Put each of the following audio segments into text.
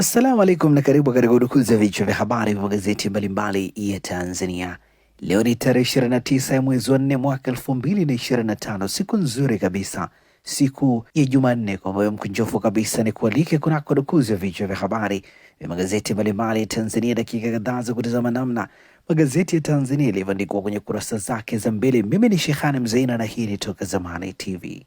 Assalamu alaikum na karibu katika udukuzi ya vichwa vya habari vya magazeti mbalimbali ya Tanzania. Leo ni tarehe 29 ya mwezi wa 4 mwaka 2025, siku nzuri kabisa, siku ya Jumanne. Kwa moyo mkunjofu kabisa ni kualike kunako dukuzi ya vichwa vya habari vya magazeti mbalimbali ya Tanzania, dakika kadhaa za kutazama namna magazeti ya Tanzania yalivyoandikwa kwenye kurasa zake za mbele. Mimi ni Shehani Mzaina na hii ni Toka Zamani TV.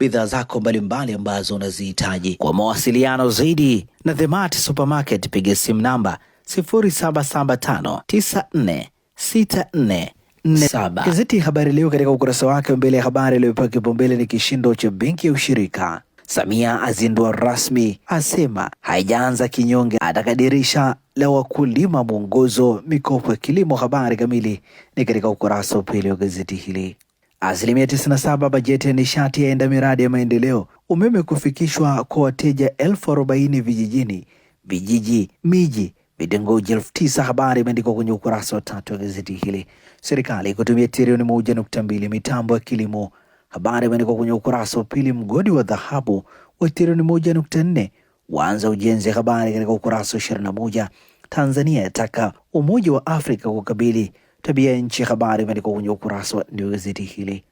bidhaa zako mbalimbali ambazo unazihitaji. Kwa mawasiliano zaidi na The Mart Supermarket, piga simu namba 0775946447. Gazeti Habari Leo katika ukurasa wake mbele ya habari iliyopewa kipaumbele ni kishindo cha benki ya ushirika Samia azindua rasmi, asema haijaanza kinyonge, atakadirisha la wakulima, mwongozo mikopo ya kilimo. Habari kamili ni katika ukurasa wa pili wa gazeti hili. Asilimia 97 bajeti ya nishati yaenda miradi ya maendeleo, umeme kufikishwa kwa wateja elfu arobaini vijijini, vijiji, miji, vitongoji elfu tisa. Habari imeandikwa kwenye ukurasa wa tatu wa gazeti hili. Serikali kutumia trilioni moja nukta mbili mitambo ya kilimo. Habari imeandikwa kwenye ukurasa wa pili. Mgodi wa dhahabu wa trilioni moja nukta nne waanza ujenzi. Habari katika ukurasa wa 21. Tanzania yataka Umoja wa Afrika kukabili tabia ya nchi. Habari imeandikwa kwenye ukurasa wa nne gazeti hili.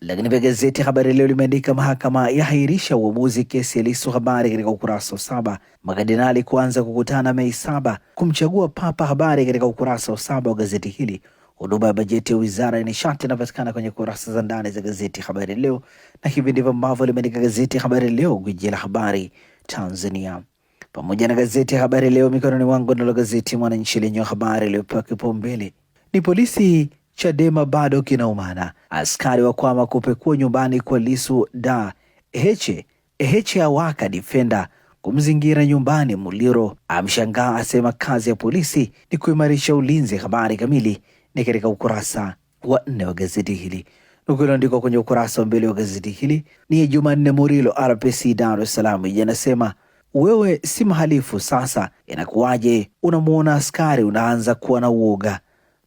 Lakini pia gazeti Habari Leo limeandika mahakama yahairisha uamuzi kesi ya Lissu, habari katika ukurasa wa saba. Makardinali kuanza kukutana Mei saba kumchagua Papa, habari katika ukurasa wa saba wa gazeti hili. Huduma ya bajeti ya wizara ya nishati inapatikana kwenye kurasa za ndani za gazeti Habari Leo, na hivi ndivyo ambavyo limeandika gazeti Habari Leo, gwiji la habari Tanzania, pamoja na gazeti Habari Leo mikononi mwangu, nalo gazeti Mwananchi lenye habari iliyopewa kipaumbele ni polisi. Chadema bado kinaumana, askari wakwama kupekua nyumbani kwa lisu Da Heche Heche awaka difenda kumzingira nyumbani Muliro, amshangaa asema kazi ya polisi ni kuimarisha ulinzi. Habari kamili ni katika ukurasa wa nne wa gazeti hili ukiloandikwa kwenye ukurasa wa mbele wa gazeti hili ni Jumanne Murilo, RPC Dar es Salaam, inasema wewe si mhalifu sasa, inakuwaje? Unamwona askari unaanza kuwa na uoga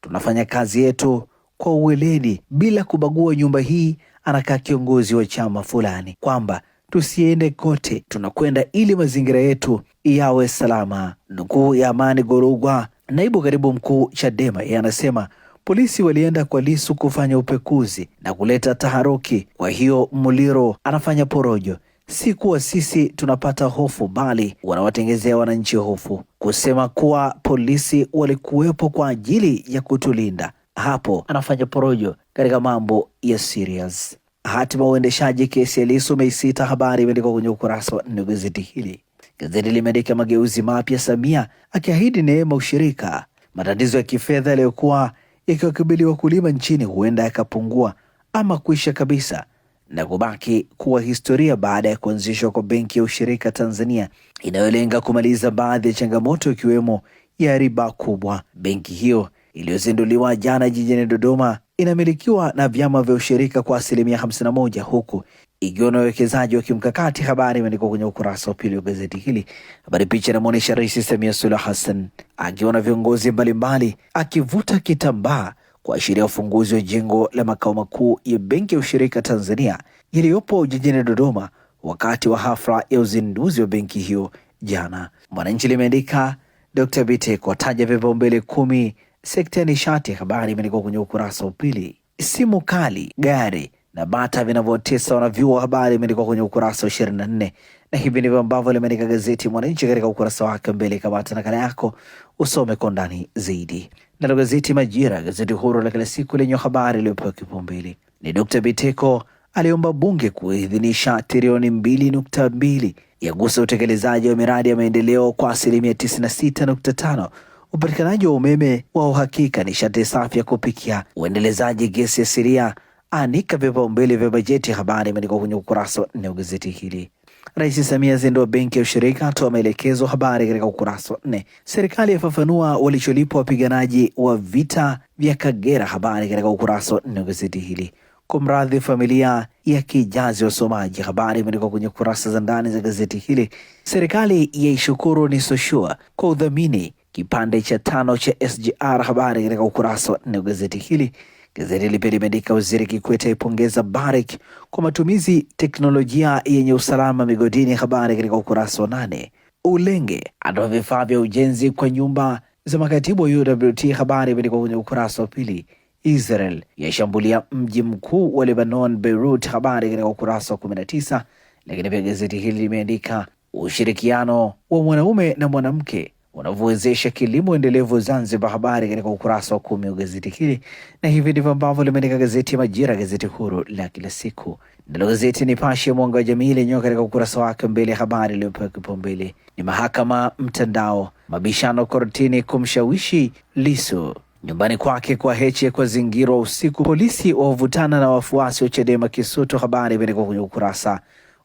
tunafanya kazi yetu kwa uweledi bila kubagua. Nyumba hii anakaa kiongozi wa chama fulani, kwamba tusiende kote, tunakwenda ili mazingira yetu yawe salama. Nukuu ya Amani gorugwa naibu katibu mkuu Chadema, yeye anasema polisi walienda kwa Lisu kufanya upekuzi na kuleta taharuki, kwa hiyo Muliro anafanya porojo si kuwa sisi tunapata hofu, bali wanawatengezea wananchi hofu, kusema kuwa polisi walikuwepo kwa ajili ya kutulinda. Hapo anafanya porojo katika mambo ya serious. Hatima uendeshaji kesi ya Lissu umeisita. Habari imeandikwa kwenye ukurasa wa nne wa gazeti hili. Gazeti limeandika mageuzi mapya, Samia akiahidi neema ushirika. Matatizo ya kifedha yaliyokuwa yakiwakabili wakulima nchini huenda yakapungua ama kuisha kabisa na kubaki kuwa historia baada ya kuanzishwa kwa benki ya ushirika Tanzania inayolenga kumaliza baadhi ya changamoto ikiwemo ya riba kubwa. Benki hiyo iliyozinduliwa jana jijini Dodoma inamilikiwa na vyama vya ushirika kwa asilimia 51 huku ikiwa na uwekezaji wa kimkakati. Habari imeandikwa kwenye ukurasa wa pili wa gazeti hili. Habari picha inamwonyesha Rais Samia Suluhu Hassan akiwa na viongozi mbalimbali akivuta kitambaa kuashiria ufunguzi wa jengo la makao makuu ya benki ya ushirika Tanzania iliyopo jijini Dodoma wakati wa hafla ya uzinduzi wa benki hiyo jana. Mwananchi limeandika Dr. Biteko ataja vipaumbele kumi sekta ya nishati. Habari imeandikwa kwenye ukurasa wa pili. Simu kali, gari na bata vinavyotesa wanavyuo, habari imeandikwa kwenye ukurasa wa ishirini na nne na hivi ndivyo ambavyo limeandika gazeti Mwananchi katika ukurasa wake mbele. Kamata nakala yako usome kwa ndani zaidi. Nalo gazeti Majira, gazeti huru la kila siku lenye habari iliyopewa kipaumbele ni Dr. Biteko aliomba bunge kuidhinisha trilioni mbili nukta mbili gusa utekelezaji wa miradi ya maendeleo kwa asilimia 96.5, upatikanaji wa umeme wa uhakika, nishati safi ya kupikia, uendelezaji gesi asilia, anika vipaumbele vya bajeti. Habari imeandikwa kwenye ukurasa wa nne wa gazeti hili. Rais Samia azindua benki ya ushirika, atoa maelekezo. Habari katika ukurasa wa nne. Serikali yafafanua walicholipwa wapiganaji wa vita vya Kagera. Habari katika ukurasa wa nne wa gazeti hili. Kumradhi, familia ya kijazi wasomaji. Habari imeandikwa kwenye kurasa za ndani za gazeti hili. Serikali yaishukuru ni soshua kwa udhamini kipande cha tano cha SGR. Habari katika ukurasa wa nne wa gazeti hili. Gazeti pia limeandika Waziri Kikwete aipongeza Barrick kwa matumizi teknolojia yenye usalama migodini, habari katika ukurasa wa nane. Ulenge atoa vifaa vya ujenzi kwa nyumba za makatibu wa UWT, habari imeandikwa kwenye ukurasa wa pili. Israel yashambulia mji mkuu wa Lebanon, Beirut, habari katika ukurasa wa 19. Lakini pia gazeti hili limeandika ushirikiano wa mwanaume na mwanamke unavyowezesha kilimo endelevu Zanzibar. Habari katika ukurasa wa kumi wa gazeti hili, na hivi ndivyo ambavyo limeandika gazeti ya Majira, gazeti huru la kila siku. Nalo gazeti Nipashe ya mwanga wa jamii lenyewe katika ukurasa wake mbele ya habari iliyopewa kipaumbele ni mahakama mtandao, mabishano kortini kumshawishi Lisu nyumbani kwake kwa Heche kwa zingirwa usiku, polisi wavutana na wafuasi wa Chadema Kisutu. Habari imeandikwa kwenye ukurasa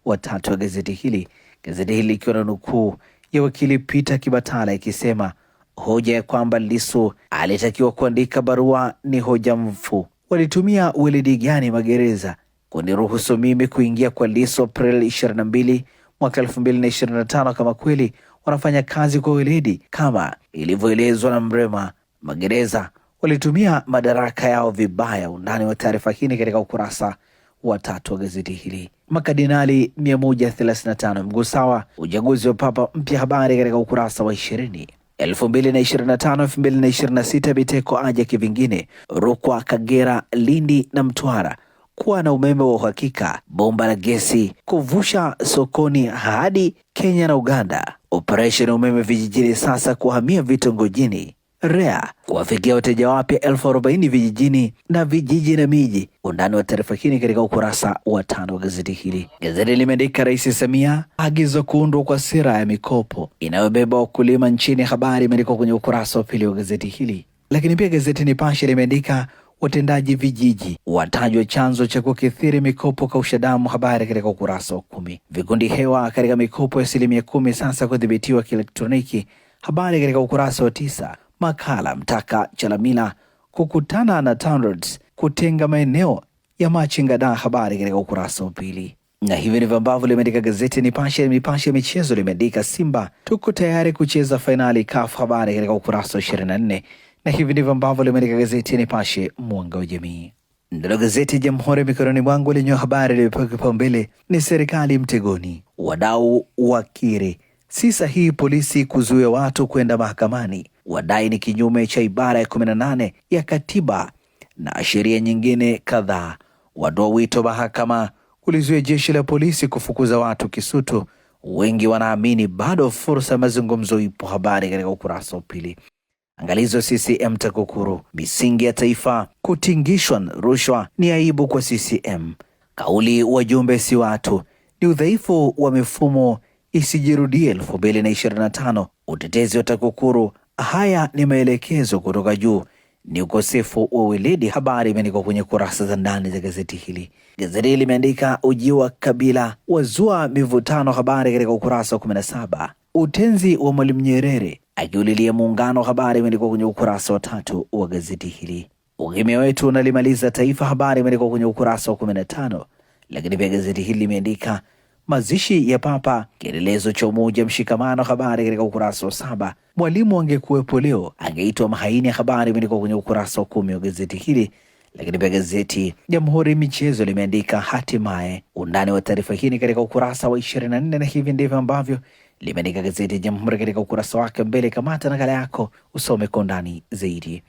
wa tatu wa gazeti hili, gazeti hili likiwa na nukuu ya wakili Peter Kibatala ikisema hoja ya kwamba Lissu alitakiwa kuandika barua ni hoja mfu. Walitumia weledi gani magereza kuniruhusu mimi kuingia kwa Lissu April 22 mwaka 2025 kama kweli wanafanya kazi kwa weledi kama ilivyoelezwa na Mrema? Magereza walitumia madaraka yao vibaya. Undani wa taarifa hii katika ukurasa watatu wa gazeti hili. makadinali 135 sawa, uchaguzi wa papa mpya, habari katika ukurasa wa 20. 2025 2026 Biteko aja kivingine. Rukwa, Kagera, Lindi na Mtwara kuwa na umeme wa uhakika, bomba la gesi kuvusha sokoni hadi Kenya na Uganda. Operesheni umeme vijijini sasa kuhamia vitongojini. REA kuwafikia wateja wapya elfu arobaini vijijini na vijiji na miji. Undani wa taarifa hii ni katika ukurasa wa tano wa gazeti hili. Gazeti limeandika Rais Samia agizo kuundwa kwa sera ya mikopo inayobeba wakulima nchini. Habari imeandikwa kwenye ukurasa wa pili wa gazeti hili, lakini pia gazeti Nipashe limeandika watendaji vijiji watajwa chanzo cha kukithiri mikopo kausha damu. Habari katika ukurasa wa kumi. Vikundi hewa katika mikopo ya asilimia kumi sasa kudhibitiwa kielektroniki. Habari katika ukurasa wa tisa. Makala mtaka Chalamila kukutana na TANROADS kutenga maeneo ya machinga na habari katika ukurasa wa pili. Na hivi ndivyo ambavyo limeandika gazeti Nipashe. Nipashe michezo limeandika Simba tuko tayari kucheza fainali CAF, habari katika ukurasa wa ishirini Na nne. Na hivi ndivyo ambavyo limeandika gazeti Nipashe mwanga wa jamii. Ndilo gazeti Jamhuri mikononi mwangu lenye habari iliyopewa kipaumbele ni serikali mtegoni, wadau wakiri si sahihi polisi kuzuia watu kwenda mahakamani wadai ni kinyume cha ibara ya 18 ya katiba na sheria nyingine kadhaa. wadoa wito mahakama kulizuia jeshi la polisi kufukuza watu Kisutu. Wengi wanaamini bado fursa ya mazungumzo ipo. Habari katika ukurasa wa pili. Angalizo CCM TAKUKURU, misingi ya taifa kutingishwa rushwa ni aibu kwa CCM. Kauli wajumbe si watu ni udhaifu wa mifumo isijirudie 2025. Utetezi wa TAKUKURU Haya ni maelekezo kutoka juu, ni ukosefu wa weledi. Habari imeandikwa kwenye kurasa za ndani za gazeti hili. Gazeti hili limeandika ujio wa Kabila wazua mivutano, habari katika ukurasa wa 17. Utenzi wa Mwalimu Nyerere akiulilia muungano, habari imeandikwa kwenye ukurasa wa tatu wa gazeti hili. Ukimya wetu unalimaliza taifa, habari imeandikwa kwenye ukurasa wa 15. Lakini pia gazeti hili limeandika mazishi ya Papa, kielelezo cha umoja mshikamano. Habari katika ukurasa wa saba. Mwalimu angekuwepo leo angeitwa mahaini ya habari, imeandikwa kwenye ukurasa wa kumi wa gazeti hili. Lakini pia gazeti Jamhuri Michezo limeandika hatimaye. Undani wa taarifa hii ni katika ukurasa wa ishirini na nne na hivi ndivyo ambavyo limeandika gazeti ya Jamhuri katika ukurasa wake mbele. Kamata nakala yako usome kwa undani zaidi.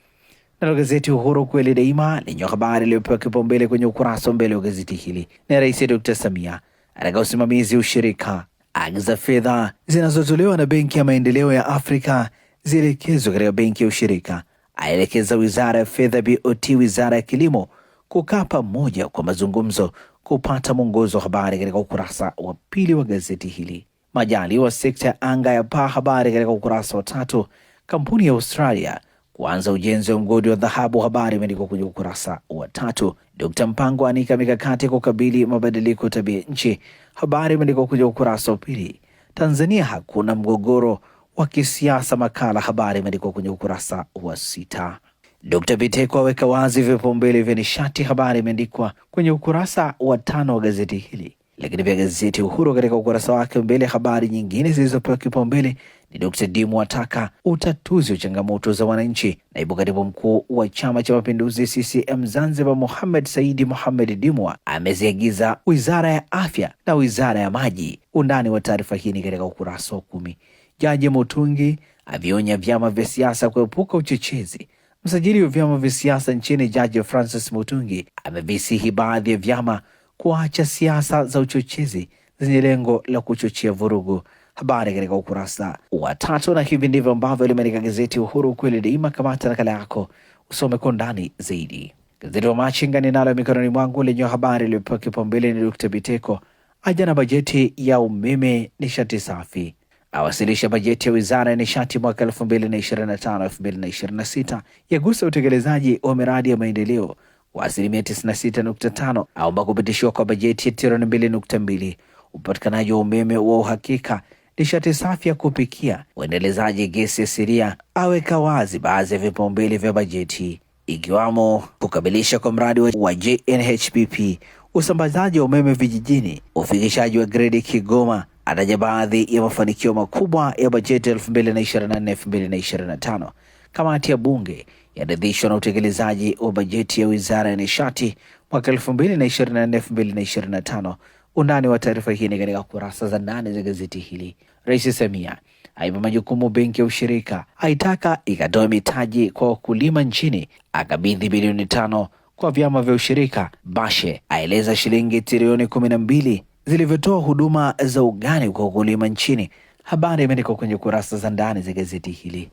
Nalo gazeti Uhuru kweli daima lenye habari iliyopewa kipaumbele kwenye ukurasa wa mbele wa gazeti hili ni Rais Dr Samia katika usimamizi ushirika. Agi za fedha zinazotolewa na Benki ya Maendeleo ya Afrika zielekezwe katika benki ya ushirika, aelekeza Wizara ya Fedha BOT, Wizara ya Kilimo kukaa pamoja kwa mazungumzo kupata mwongozo wa habari katika ukurasa wa pili wa gazeti hili. Majali wa sekta ya anga ya paa habari katika ukurasa wa tatu. Kampuni ya Australia kuanza ujenzi wa mgodi wa dhahabu. Habari imeandikwa kwenye ukurasa wa tatu. Dkt Mpango anika mikakati ya kukabili mabadiliko ya tabia nchi. Habari imeandikwa kwenye ukurasa wa pili. Tanzania hakuna mgogoro wa kisiasa makala. Habari imeandikwa kwenye ukurasa wa sita. Dkt Biteko aweka wazi vipaumbele vya nishati. Habari imeandikwa kwenye ukurasa wa tano wa gazeti hili, lakini pia gazeti Uhuru katika ukurasa wake mbele habari nyingine zilizopewa kipaumbele ni Dkt. Dimu ataka utatuzi wa changamoto za wananchi. Naibu katibu mkuu wa Chama cha Mapinduzi CCM Zanzibar Mohamed Saidi Mohamed Dimwa ameziagiza Wizara ya Afya na Wizara ya Maji. Undani wa taarifa hii ni katika ukurasa wa kumi. Jaji Mutungi avionya vyama vya siasa kuepuka uchochezi. Msajili wa vyama vya siasa nchini Jaji Francis Mutungi amevisihi baadhi ya vyama kuacha siasa za uchochezi zenye lengo la kuchochea vurugu habari katika ukurasa wa tatu, na hivi ndivyo ambavyo limeandika gazeti Uhuru, kweli daima. Kamata nakala yako usome kwa undani zaidi. Gazeti wa Machinga ninalo mikononi mwangu lenye habari iliyopewa kipaumbele ni Dkt. Biteko aja na bajeti ya umeme nishati safi, awasilisha bajeti ya wizara ya nishati mwaka 2025 2026, yagusa utekelezaji wa miradi ya maendeleo wa asilimia 96.5, aomba kupitishiwa kwa bajeti ya trilioni 2.2, upatikanaji wa umeme wa uhakika nishati safi ya kupikia, uendelezaji gesi asilia, aweka wazi baadhi ya vipaumbele vya bajeti ikiwamo kukamilisha kwa mradi wa JNHPP, usambazaji wa umeme vijijini, ufikishaji wa gredi Kigoma. Ataja baadhi ya mafanikio makubwa ya bajeti 2024-2025. Kamati ya bunge yaridhishwa na utekelezaji wa bajeti ya wizara ya nishati mwaka 2024-2025 Undani wa taarifa hii ni katika kurasa za ndani za gazeti hili. Rais Samia aipa majukumu benki ya ushirika, aitaka ikatoe mitaji kwa wakulima nchini, akabidhi bilioni tano kwa vyama vya ushirika. Bashe aeleza shilingi trilioni kumi na mbili zilivyotoa huduma za ugani kwa wakulima nchini. Habari imeandikwa kwenye kurasa za ndani za gazeti hili.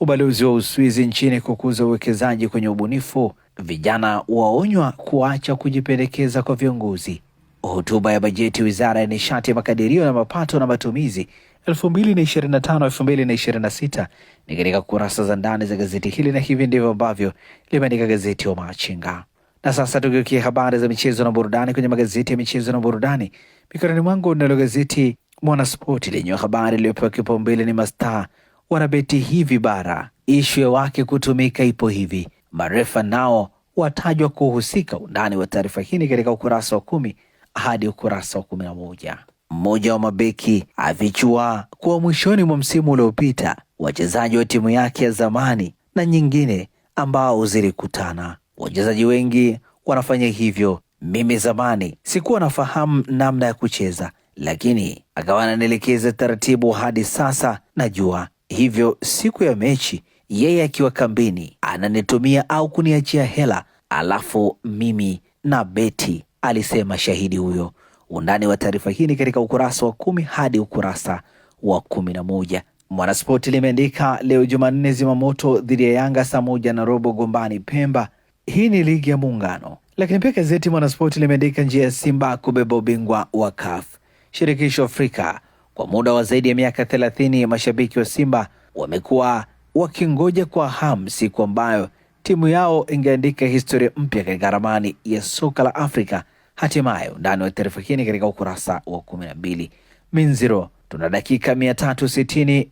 Ubalozi wa Uswizi nchini kukuza uwekezaji kwenye ubunifu. Vijana waonywa kuacha kujipendekeza kwa viongozi. Hotuba ya bajeti Wizara ya Nishati ya Makadirio na Mapato na Matumizi 2025-2026 ni katika kurasa za ndani za gazeti hili, na hivi ndivyo ambavyo limeandika gazeti wa Machinga. Na sasa tugeukia habari za michezo na burudani kwenye magazeti ya michezo na burudani mikononi mwangu. Nalo gazeti Mwanaspoti lenye habari iliyopewa kipaumbele ni mastaa wanabeti hivi bara, ishwe wake kutumika ipo hivi, marefa nao watajwa kuhusika. Undani wa taarifa hii katika ukurasa wa kumi hadi ukurasa wa kumi na moja. Mmoja wa mabeki avichua kuwa mwishoni mwa msimu uliopita wachezaji wa timu yake ya zamani na nyingine ambao zilikutana. Wachezaji wengi wanafanya hivyo. Mimi zamani sikuwa nafahamu namna ya kucheza, lakini akawa ananielekeza taratibu hadi sasa najua. Hivyo siku ya mechi, yeye akiwa kambini ananitumia au kuniachia hela, alafu mimi na beti alisema shahidi huyo. Undani wa taarifa hii ni katika ukurasa wa kumi hadi ukurasa wa kumi na moja. Mwanaspoti limeandika leo Jumanne, zimamoto dhidi ya Yanga saa moja na robo Gombani Pemba. Hii ni ligi ya Muungano. Lakini pia gazeti Mwanaspoti limeandika njia ya Simba kubeba ubingwa wa CAF shirikisho Afrika. Kwa muda wa zaidi ya miaka thelathini, mashabiki wa Simba wamekuwa wakingoja kwa hamu siku ambayo timu yao ingeandika historia mpya katika ramani ya soka la Afrika Hatimaye undani wa taarifa hii ni katika ukurasa wa kumi na mbili. Minziro, tuna dakika mia tatu sitini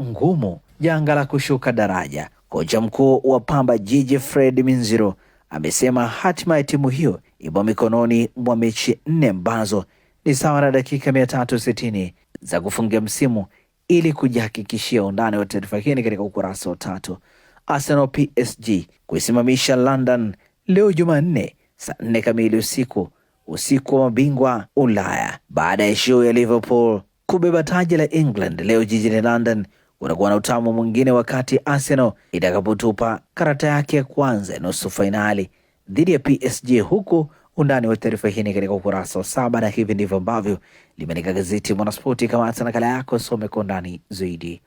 ngumu, janga la kushuka daraja. Kocha mkuu wa Pamba Jiji Fred Minziro amesema hatima ya timu hiyo ipo mikononi mwa mechi nne ambazo ni sawa na dakika mia tatu sitini za kufungia msimu ili kujihakikishia. Undani wa taarifa hii ni katika ukurasa wa tatu. Arsenal PSG kuisimamisha London leo Jumanne saa nne kamili usiku usiku wa mabingwa Ulaya baada ya show ya Liverpool kubeba taji la England leo jijini London utakuwa na utamu mwingine wakati Arsenal itakapotupa karata yake ya kwanza ya nusu fainali dhidi ya PSG, huku undani wa taarifa hii ni katika ukurasa wa saba, na hivi ndivyo ambavyo limeandika gazeti Mwanaspoti. Kama hata nakala yako, some kwa undani zaidi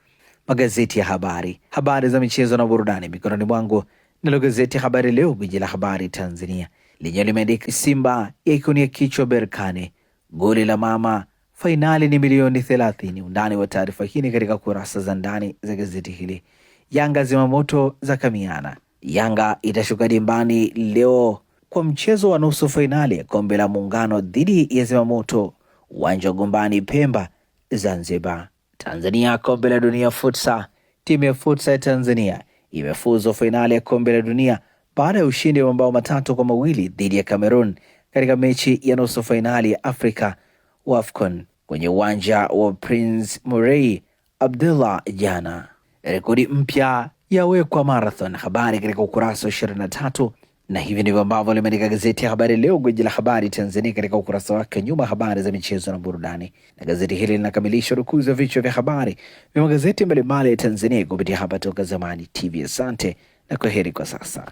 magazeti ya habari, habari za michezo na burudani mikononi mwangu, nalo gazeti Habari Leo, gwiji la habari Tanzania lenyewe limeandika Simba yaikunia kichwa Berkane, goli la mama, fainali ni milioni thelathini. Undani wa taarifa hii ni katika kurasa za ndani za gazeti hili. Yanga zimamoto za kamiana, Yanga itashuka dimbani leo kwa mchezo wa nusu fainali ya kombe la muungano dhidi ya Zimamoto, uwanja wa Gombani, Pemba, Zanzibar, Tanzania. Kombe la dunia futsa, timu ya futsa ya Tanzania imefuzu fainali ya kombe la dunia baada ya ushindi wa mabao matatu kwa mawili dhidi ya Cameroon katika mechi ya nusu fainali ya Afrika WAFCON kwenye uwanja wa Prince Murray Abdullah jana. Rekodi mpya yawekwa marathon, habari katika ukurasa wa ishirini na tatu na hivi ndivyo ambavyo limeandika gazeti ya Habari Leo, gwiji la habari Tanzania, katika ukurasa wake nyuma, habari za michezo na burudani. Na gazeti hili linakamilisha rukuzi wa vichwa vya habari vya magazeti mbalimbali ya Tanzania kupitia hapa Toka Zamani TV. Asante na kwaheri kwa sasa.